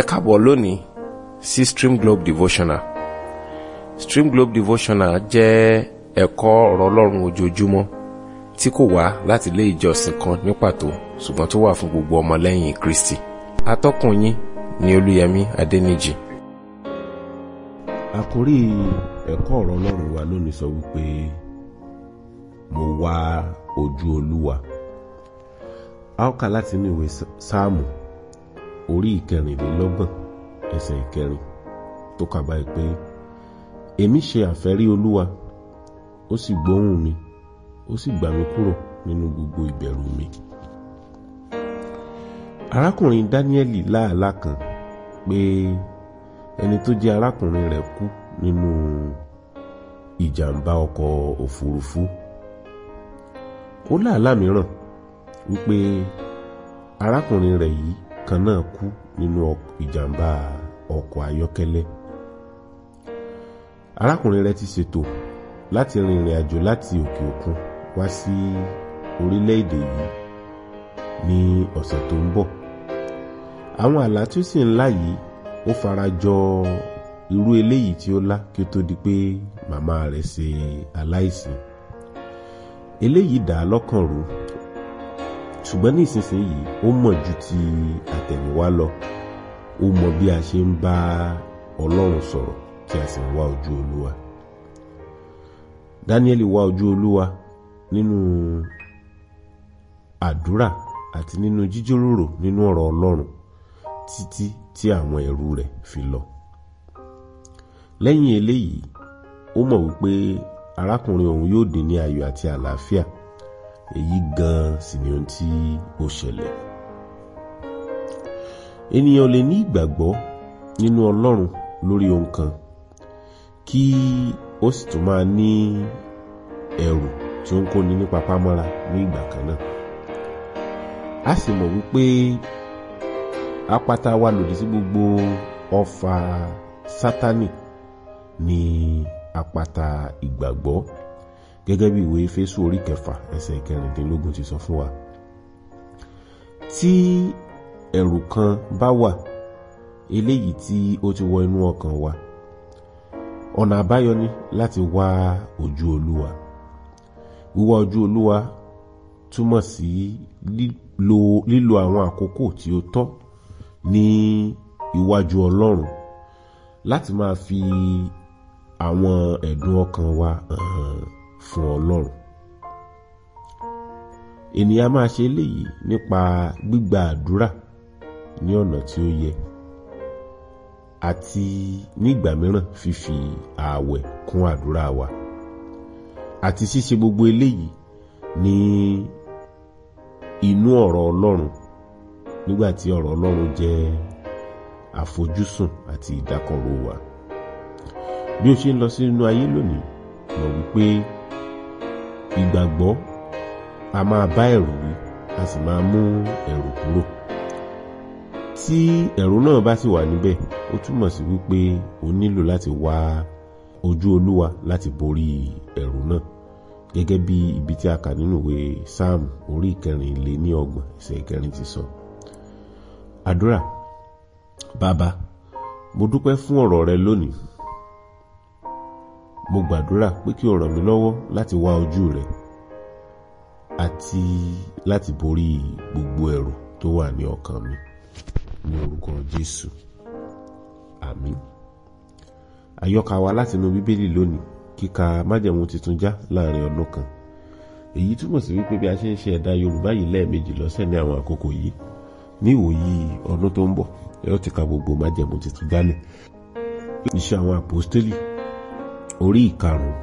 ẹ káàbọ̀ lónìí sí Stream Globe Devotional Stream Globe Devotional jẹ́ ẹ̀kọ́ ọ̀rọ̀ ọlọ́run ojoojúmọ́ tí kò wá láti ilé ìjọsìn kan ní pàtó ṣùgbọ́n tó wà fún gbogbo ọmọlẹ́yìn Kristi atọ́kùn yín ni Olúyẹmí Adẹ́nìjì. àkórí ẹ̀kọ́ ọ̀rọ̀ ọlọ́run wa lónìí sọ wípé mo wá ojú Olúwa a ó kà láti inú ìwé sáàmù. Sa orí ìkẹrìnlélọ́gbọ̀n ẹsẹ̀ ìkẹrin tó kà báyìí pé èmi ṣe àfẹ́rí olúwa ó sì gbóhùn mi ó sì gbà mí kúrò nínú gbogbo ìbẹ̀rù mi. arákùnrin dáníẹ́lì láàlá kan pé ẹni tó jẹ́ arákùnrin rẹ̀ kú nínú ìjàmbá ọkọ̀ òfurufú ó láàlá mìíràn wípé arákùnrin rẹ̀ yìí kan náà kú nínú ìjàmbá ọkọ̀ ayọ́kẹ́lẹ́ arákùnrin rẹ̀ ti ṣètò láti rin ìrìn àjò láti òkè òkun wá sí orílẹ̀-èdè yìí ní ọ̀sẹ̀ tó ń bọ̀ àwọn àlá tí ó sì ń lá yìí ó fara jọ irú eléyìí tí ó lá kí ó tó di pé màmá rẹ̀ ṣe aláìsí eléyìí dà á lọ́kàn rú ṣùgbọ́n ní ìsinsìnyí ó mọ̀ ju ti àtẹ̀yìnwá lọ ó mọ bí a ṣe ń bá ọlọ́run sọ̀rọ̀ tí a sì ń wá ojú olúwa dáníẹ́lì wá ojú olúwa nínú àdúrà àti nínú jíjíròrò nínú ọ̀rọ̀ ọlọ́run títí tí àwọn ẹ̀rú rẹ̀ fi lọ lẹ́yìn eléyìí ó mọ̀ wípé arákùnrin òun yóò dín ní ayọ̀ àti àlàáfíà èyí gan sì ni ohun tí ó ṣẹlẹ̀ ènìyàn lè ní ìgbàgbọ́ nínú Ọlọ́run lórí ohun kan kí ó sì tún máa ní ẹ̀rù tí ó ń kóni nípa pámọ́ra ní ìgbà kan náà a sì mọ̀ wípé apáta wa lòdì sí gbogbo ọfà Sátánì ní apáta ìgbàgbọ́ gẹ́gẹ́ bí ìwé Éfésù orí kẹfà ẹsẹ̀ ìkẹrìndínlógún ti sọ fún wa tí ẹ̀rù kan bá wà eléyìí tí ó ti wọ inú ọkàn wa ọ̀nà àbáyọ ni láti wá ojú Olúwa wíwá ojú Olúwa túmọ̀ sí lílo àwọn àkókò tí ó tọ́ ní iwájú Ọlọ́run láti máa fi àwọn ẹ̀dùn ọkàn wa hàn. Uh, fún Ọlọ́run ènìyàn máa ṣe eléyìí nípa gbígba àdúrà ní ọ̀nà tí ó yẹ àti nígbà mìíràn fífi ààwẹ̀ kún àdúrà wa àti ṣíṣe gbogbo eléyìí ní inú ọ̀rọ̀ Ọlọ́run nígbà tí ọ̀rọ̀ Ọlọ́run jẹ́ àfojúsùn àti ìdákanró wa bí o ṣe ń lọ sínú ayé lónìí mọ̀ wípé ìgbàgbọ́ a máa bá ẹ̀rù wí a sì máa mú ẹ̀rù kúrò tí ẹ̀rù náà bá sì wà níbẹ̀ ó túmọ̀ sí wípé o nílò láti wá ojú olúwa láti borí ẹ̀rù náà gẹ́gẹ́ bí ibi tí a kà nínú ìwé sáàmù orí ìkẹrin lé ní ọgbọ̀n ẹsẹ̀ ìkẹrin ti sọ àdúrà bàbá mo dúpẹ́ fún ọ̀rọ̀ rẹ lónìí mo gbàdúrà pé kí o ràn mí lọ́wọ́ láti wá ojú rẹ àti láti borí gbogbo ẹ̀rù tó wà ní ọkàn mi ní orúkọ Jésù àmín àyọkà wa látinú bíbélì lónìí kíka májẹ̀mú tuntun já láàrin ọdún kan èyí túmọ̀ sí wípé bí a ṣe ń ṣe ẹ̀dà Yorùbá yìí lẹ́ẹ̀mejì lọ́sẹ̀ ní àwọn àkókò yìí ní ìwòyí ọdún tó ń bọ̀ ẹ ó ti ka gbogbo májẹ̀mú tuntun jálẹ̀ iṣẹ́ àwọn àpòstélì orí ìkarùn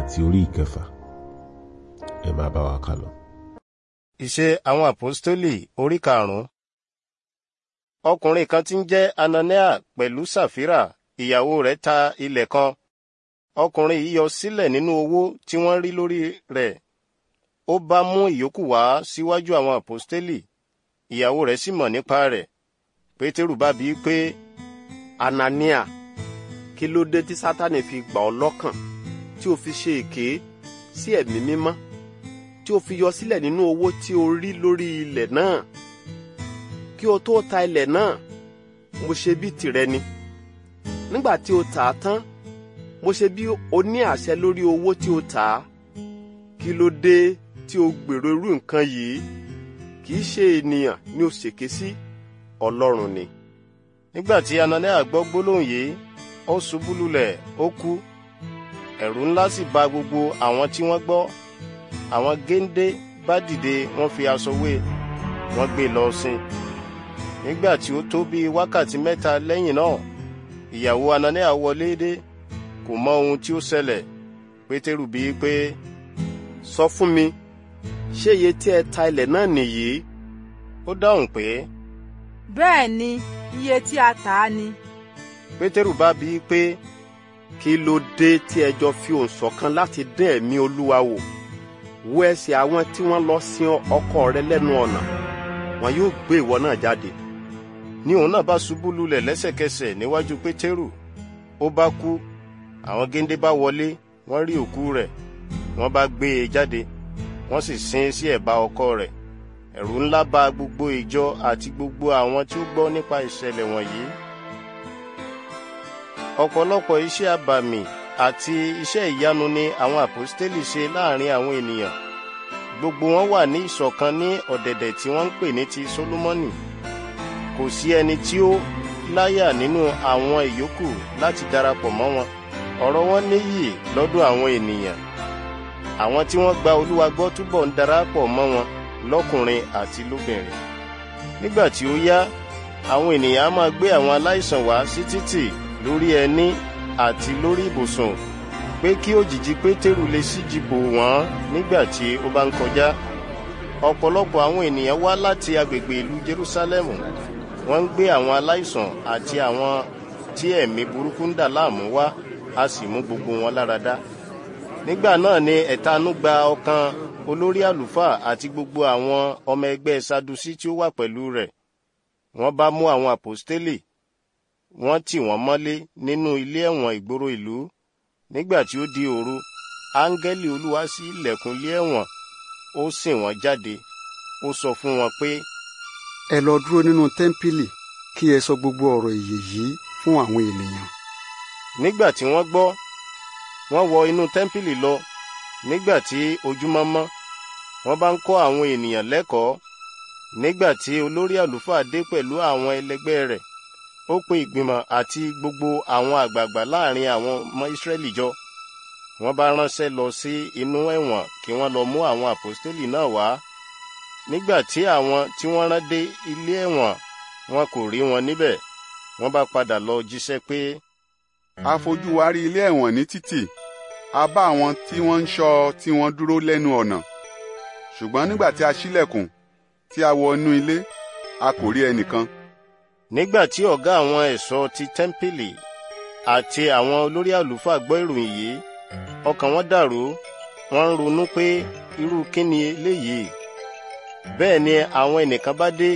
àti orí ìkẹfà ẹ máa bá wa kà lọ. ìṣe àwọn àpọ́stólì orí karùn ọkùnrin kan tí ń jẹ́ anania pẹ̀lú sàfírà ìyàwó rẹ̀ ta ilẹ̀ kan ọkùnrin yìí yọ sílẹ̀ nínú owó tí wọ́n rí lórí rẹ̀ ó bá mú ìyókù wá síwájú àwọn àpọ́stélì ìyàwó rẹ̀ sì mọ̀ nípa rẹ̀ pétérù bá bi pé anania kí ló dé tí sátani fi gbà ọ́ lọ́kàn tí o fi ṣe èké sí ẹ̀mí mímọ́ tí o fi yọ sílẹ̀ nínú owó tí o rí lórí ilẹ̀ náà kí o tó ta ilẹ̀ náà mo ṣe bí tìrẹ ni nígbà tí o tà á tán mo ṣe bí o ní àṣẹ lórí owó tí o tà á kí ló dé tí o gbèrò irú nǹkan yìí kì í ṣe ènìyàn ni o ṣèké sí ọlọ́run ni. nígbà tí anania gbọ́ gbólóhùn yìí ó ṣubú lulẹ̀ ó kú ẹ̀rù ńlá sì bà gbogbo àwọn tí wọ́n gbọ́ àwọn géńdé bá dìde wọ́n fi aṣọ wé e, wọ́n gbé e lọ sin nígbà tí ó tó bíi wákàtí mẹ́ta lẹ́yìn náà ìyàwó anania wọlé dé kò mọ ohun tí ó ṣẹlẹ̀ pétérù bíi pé sọ fún mi ṣé iye tí ẹ ta ilẹ̀ náà nìyí ó dáhùn pé. bẹ́ẹ̀ ni iye tí a tà á ni pétérù bá bi í pé kí ló dé tí ẹ jọ fi òǹsọ̀kan láti dán ẹ̀mí olúwa wò wo ẹsẹ̀ àwọn tí wọ́n lọ sin ọkọ rẹ lẹ́nu ọ̀nà wọn yóò gbé ìwọ náà jáde ní òun náà bá ṣubú lulẹ̀ lẹ́sẹ̀kẹsẹ̀ níwájú pétérù ó bá kú àwọn géńdé bá wọlé wọ́n rí òkú rẹ̀ wọ́n bá gbé e jáde wọ́n sì sin sí ẹ̀bá ọkọ rẹ̀ ẹ̀rù ńlá bà gbogbo ìjọ àti gbogbo àwọn tí ó gbọ́ nípa ìṣẹ̀lẹ̀ wọ̀nyí ọ̀pọ̀lọpọ̀ iṣẹ́ abàmì àti iṣẹ́ ìyanu ni àwọn àpọ́stélì ṣe láàrin àwọn ènìyàn gbogbo wọn wà ní ìṣọ̀kan ní ọ̀dẹ̀dẹ̀ tí wọ́n ń pè ní ti Sólómọ́nì kò sí ẹni tí ó láyà nínú àwọn ìyókù láti darapọ̀ mọ́ wọn ọ̀rọ̀ wọn níyì lọ́dọ̀ àwọn ènìyàn àwọn tí wọ́n gba Olúwa gbọ́ túbọ̀ ń darapọ̀ mọ́ wọn lọ́kùnrin àti lóbìnrin nígbà tí ó yá àwọn ènìyàn á máa gbé àwọn aláìsàn wá sí títì lórí ẹní àti lórí ibùsùn pé kí òjìji pétérù lè ṣíji bò wọ́n nígbà tí ó bá ń kọjá ọ̀pọ̀lọpọ̀ àwọn ènìyàn wá láti agbègbè ìlú Jerúsálẹ́mù wọ́n ń gbé àwọn aláìsàn àti àwọn tí ẹ̀mí burúkú ń dà láàmú wá a sì mú gbogbo wọn láradá nígbà náà ni ẹ̀tanú gba ọkàn olórí àlùfáà àti gbogbo àwọn ọmọ ẹgbẹ́ sadusi tí ó wà pẹ̀lú rẹ̀ wọ́n bá mú àwọn àpòstélì wọ́n tì wọ́n mọ́lé nínú ilé ẹ̀wọ̀n ìgboro ìlú nígbà tí ó di òru áńgẹ́lì olúwa ṣí ilẹ̀kùn ilé ẹ̀wọ̀n ó sìn wọ́n jáde ó sọ fún wọn pé. ẹ lọ dúró nínú tẹ́ḿpìlì kí ẹ sọ gbogbo ọ̀rọ̀ ìyè yìí fún àwọn ènìyàn. nígbà tí wọ́n gbọ́ wọ́n wọ inú tẹ́ḿpìlì lọ nígbà tí ojúmọ́ wọ́n bá ń kọ́ àwọn ènìyàn lẹ́kọ̀ọ́ nígbà tí olórí àlùfáà dé pẹ̀lú àwọn ẹlẹgbẹ́ rẹ̀ ó pe ìgbìmọ̀ àti gbogbo àwọn àgbààgbà láàrin àwọn ọmọ Ísírẹ́lì jọ wọ́n bá ránṣẹ́ lọ sí inú ẹ̀wọ̀n kí wọ́n lọ mú àwọn àpòstélì náà wá nígbà tí àwọn tí wọ́n rán dé ilé ẹ̀wọ̀n wọn kò rí wọn níbẹ̀ wọ́n bá padà lọ jíṣẹ́ pé. a fojú wa rí ilé ẹ̀wọ̀n ní títì a bá àwọn tí wọ́n ń ṣọ́ tí wọ́n dúró lẹ́nu ọ̀nà ṣùgbọ́n nígbà tí a ṣílẹ̀kùn tí a wọ inú ilé a kò rí ẹnìkan. E nígbà tí ọ̀gá àwọn ẹ̀ṣọ́ ti tẹ́ḿpìlì àti àwọn olórí àlùfáà gbọ́ ìròyìn yìí ọkàn wọn dàrú wọ́n ń ronú pé irú kí ni eléyìí bẹ́ẹ̀ ni àwọn ẹnìkan bá dé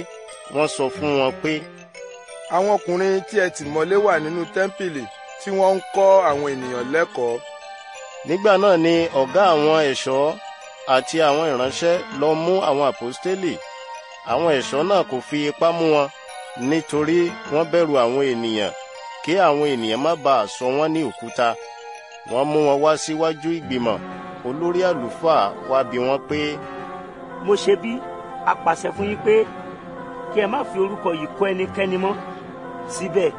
wọ́n sọ fún wọn pé. àwọn ọkùnrin tí ẹ tì mọ́lé wà nínú tẹ́ḿpìlì tí wọ́n ń kọ́ àwọn ènìyàn lẹ́kọ̀ọ́. nígbà náà ni ọ̀gá àwọn ẹ̀ṣọ́ àti àwọn ìránṣẹ́ lọ mú àwọn àpọ́stélì àwọn ẹ̀ṣọ́ náà kò fi ipá mú wọn nítorí wọ́n bẹ̀rù àwọn ènìyàn kí àwọn ènìyàn má baà sọ wọ́n ní òkúta wọ́n mú wọn wá síwájú ìgbìmọ̀ olórí àlùfáà wá bi wọ́n pé. mo ṣe bí a pàṣẹ fún yín pé kí ẹ má fi orúkọ yìí kọ́ ẹnikẹ́ni mọ́ síbẹ̀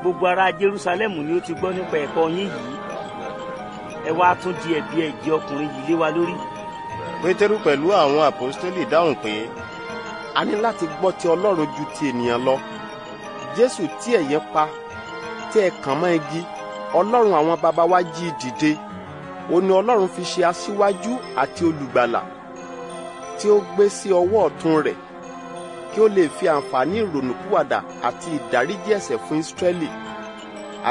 gbogbo ará Jerúsálẹ́mù ni ó ti gbọ́ nípa ẹ̀kọ́ yín yìí ẹ wá tún di ẹ̀bi ẹ̀jẹ̀ ọkùnrin yìí lé wa lórí. Pétérù pẹ̀lú àwọn àpọ́stélì dáhùn pé a ní láti gbọ́ ti ọlọ́run ju ti ènìyàn lọ jésù tí ẹ̀yin pa tí ẹ kàn mọ́ igi ọlọ́run àwọn baba wa jí dìde ó ní ọlọ́run fi ṣe aṣíwájú àti olùgbàlà tí ó gbé sí ọwọ́ ọ̀tún rẹ̀ kí ó lè fi àǹfààní ìrònúpìwàdà àti ìdáríjì ẹ̀ṣẹ̀ fún Ísírẹ́lì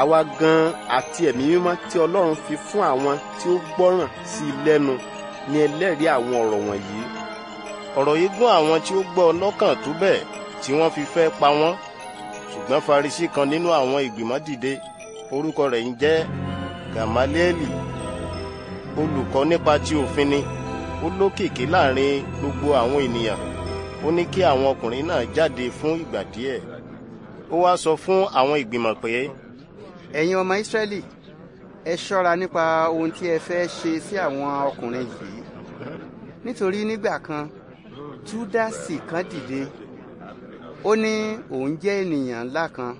àwa gan àti ẹ̀mí mímọ́ tí ọlọ́run fi fún àwọn tí ó gbọ́ràn sí i lẹ́nu ni ẹlẹ́rìí àwọn ọ̀rọ̀ wọ̀nyí ọ̀rọ̀ yìí gún àwọn tí ó gbọ́ lọ́kàn tó bẹ́ẹ̀ tí wọ́n fi fẹ́ pa wọ́n ṣùgbọ́n Farisí kan nínú àwọn ìgbìmọ̀ dìde orúkọ rẹ̀ ń jẹ́ Gamalieli olùkọ́ nípa ti òfin ni ó lókìkí láàrin gbogbo àwọn ènìyàn ó ní kí àwọn ọkùnrin náà jáde fún ìgbà díẹ̀ ó wá sọ fún àwọn ìgbìmọ̀ pé. ẹ̀yin ọmọ Ísírẹ́lì ẹ ṣọ́ra nípa ohun tí ẹ fẹ́ ṣe sí àwọn ọkùnrin yìí nítorí nígbà kan júdásì kan dìde ó ní òun jẹ́ ènìyàn ńlá kan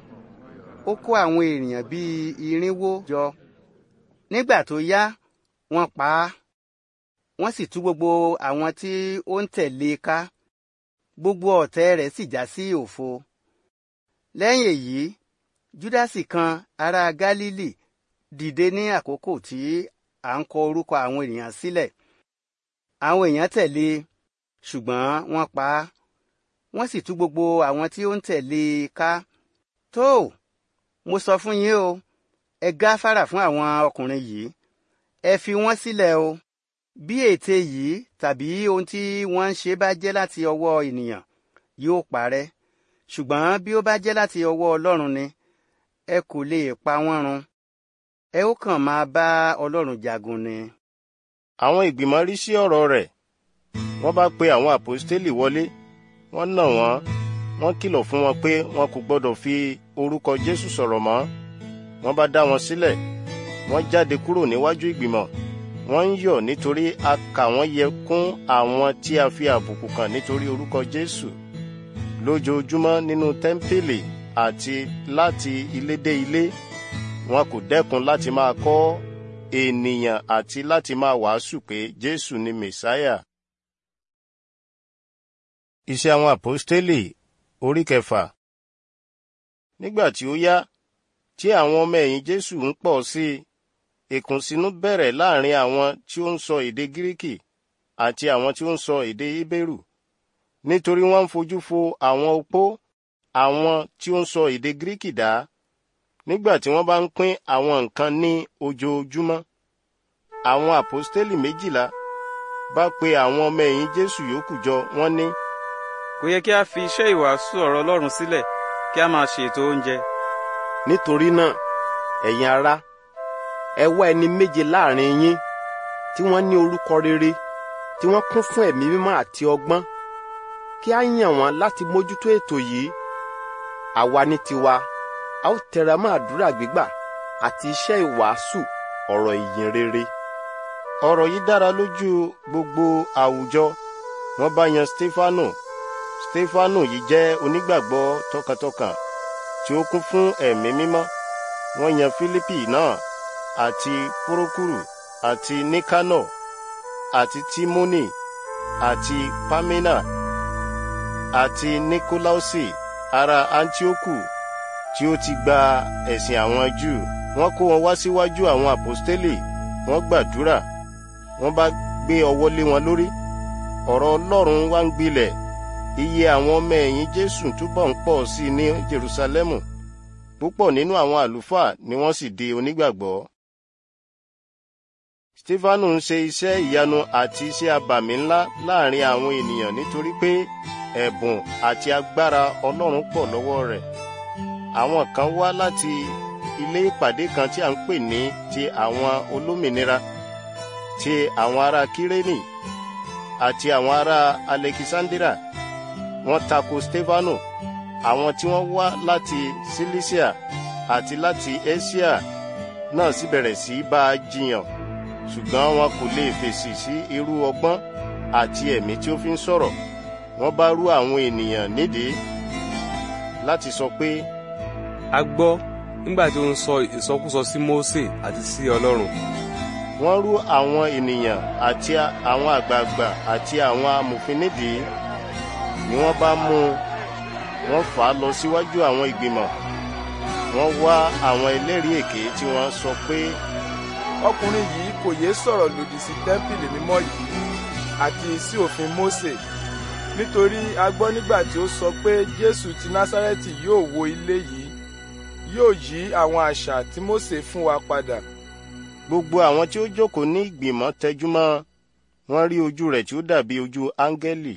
ó kó àwọn ènìyàn bíi irínwó jọ nígbà tó yá wọ́n pa á wọ́n sì tú gbogbo àwọn tí ó ń tẹ̀lé e ká gbogbo ọ̀tẹ̀ rẹ̀ sì já sí òfo lẹ́yìn èyí júdásì kan ará gálílì dìde ní àkókò tí à ń kọ orúkọ àwọn ènìyàn sílẹ̀ àwọn èèyàn tẹ̀lé e ṣùgbọ́n wọ́n pa á wọ́n sì tú gbogbo àwọn tí ó ń tẹ̀lé e ká tó mo sọ fún yín o ẹ gáfárà fún àwọn ọkùnrin yìí ẹ fi wọ́n sílẹ̀ o bí ète yìí tàbí ohun tí wọ́n ń ṣe bá jẹ́ láti ọwọ́ ènìyàn yóò parẹ́ ṣùgbọ́n bí ó bá jẹ́ láti ọwọ́ Ọlọ́run ni ẹ kò lè pa wọ́n run ẹ ó kàn máa bá Ọlọ́run jagun ni. àwọn ìgbìmọ̀ rí sí ọ̀rọ̀ rẹ̀ wọ́n bá pe àwọn àpòstélì wọlé wọ́n nà wọ́n wọ́n kìlọ̀ fún wọn pé wọn kò gbọ́dọ̀ fi orúkọ Jésù sọ̀rọ̀ mọ́ wọ́n bá dá wọn sílẹ̀ wọ́n jáde kúrò níwájú ìgbìmọ̀ wọ́n ń yọ̀ nítorí a kà wọ́n yẹ kún àwọn tí a fi àbùkù kàn nítorí orúkọ Jésù lójoojúmọ́ nínú tẹ́ḿpìlì àti láti ilé dé ilé wọn kò dẹ́kun láti máa kọ́ ènìyàn àti láti máa wàásù pé Jésù ni Mèsáyà. Iṣẹ́ àwọn àpọ́stélì orí kẹfà. Nígbà tí ó yá, tí àwọn ọmọ ẹ̀yìn Jésù ń pọ̀ sí i, ìkùnsínú bẹ̀rẹ̀ láàrin àwọn tí ó ń sọ èdè Gíríkì àti àwọn tí ó ń sọ èdè Hébérù, nítorí wọ́n ń fojú fo àwọn opó àwọn tí ó ń sọ èdè Gíríkì dá, nígbà tí wọ́n bá ń pín àwọn nǹkan ní ojoojúmọ́. Àwọn àpọ́stélì méjìlá bá pe àwọn ọmọ ẹ̀yìn Jésù yòókù jọ, wọ́n ní, kò yẹ kí a fi iṣẹ́ ìwàásù ọ̀rọ̀ Ọlọ́run sílẹ̀ kí a máa ṣètò oúnjẹ. nítorí náà ẹ̀yin ará ẹ wá ẹni méje láàrin yín tí wọ́n ní orúkọ rere tí wọ́n kún fún ẹ̀mí mímọ́ àti ọgbọ́n kí a yàn wọ́n láti mójútó ètò yìí àwa ní tiwa a ó tẹra mọ́ àdúrà gbígbà àti iṣẹ́ ìwàásù ọ̀rọ̀ ìyìn rere. ọ̀rọ̀ yìí dára lójú gbogbo àwùjọ wọ́n bá yan Stefano stefanu yìí jẹ́ onígbàgbọ́ tọkàntọkàn tí ó kún fún ẹ̀mí mímọ́ wọ́n yan filipi náà àti purukuru àti nikano àti timoni àti pamina àti nikolausi ará antioku tí ó ti gba ẹ̀sìn àwọn júù wọ́n kó wọn wá síwájú àwọn àpọ́stélì wọ́n gbàdúrà wọ́n bá gbé ọwọ́ lé wọn lórí ọ̀rọ̀ ọlọ́run wá ń gbilẹ̀ iye àwọn ọmọ ẹ̀yìn Jésù túbọ̀ ń pọ̀ sí i ní Jerúsálẹ́mù púpọ̀ nínú àwọn àlùfáà ni wọ́n sì di onígbàgbọ́. Stefanu ń ṣe iṣẹ́ ìyanu àti iṣẹ́ abàmì ńlá láàrin àwọn ènìyàn nítorí pé ẹ̀bùn àti agbára Ọlọ́run pọ̀ lọ́wọ́ rẹ̀. Àwọn kan wá láti ilé ìpàdé kan tí a ń pè ní ti àwọn olómìnira ti àwọn ará Kírénì àti àwọn ará Alekisandira wọ́n tako stefano àwọn tí wọ́n wá láti cilicia àti láti asia náà sì bẹ̀rẹ̀ sí bá a jiyàn ṣùgbọ́n wọn kò lè fèsì sí irú ọgbọ́n àti ẹ̀mí tí ó fi ń sọ̀rọ̀ wọ́n bá rú àwọn ènìyàn nídìí láti sọ pé. a gbọ́ nígbà tí ó ń sọ ìsọkúsọ sí Mósè àti sí Ọlọ́run. wọ́n rú àwọn ènìyàn àti àwọn àgbààgbà àti àwọn amòfin nídìí ni wọ́n bá mú un wọ́n fà á lọ síwájú àwọn ìgbìmọ̀ wọ́n wá àwọn ẹlẹ́rìí èké tí wọ́n sọ pé. ọkùnrin yìí kò yéé sọ̀rọ̀ lòdì sí tẹ́ḿpìlì mímọ́ yìí àti sí òfin Mósè nítorí a gbọ́ nígbà tí ó sọ pé Jésù ti Násárẹ́tì yóò wó ilé yìí yóò yí àwọn àṣà tí Mósè fún wa padà. gbogbo àwọn tí ó jókòó ní ìgbìmọ̀ tẹjúmọ́ wọ́n rí ojú rẹ̀ tí ó dàbí ojú áńgẹ́lì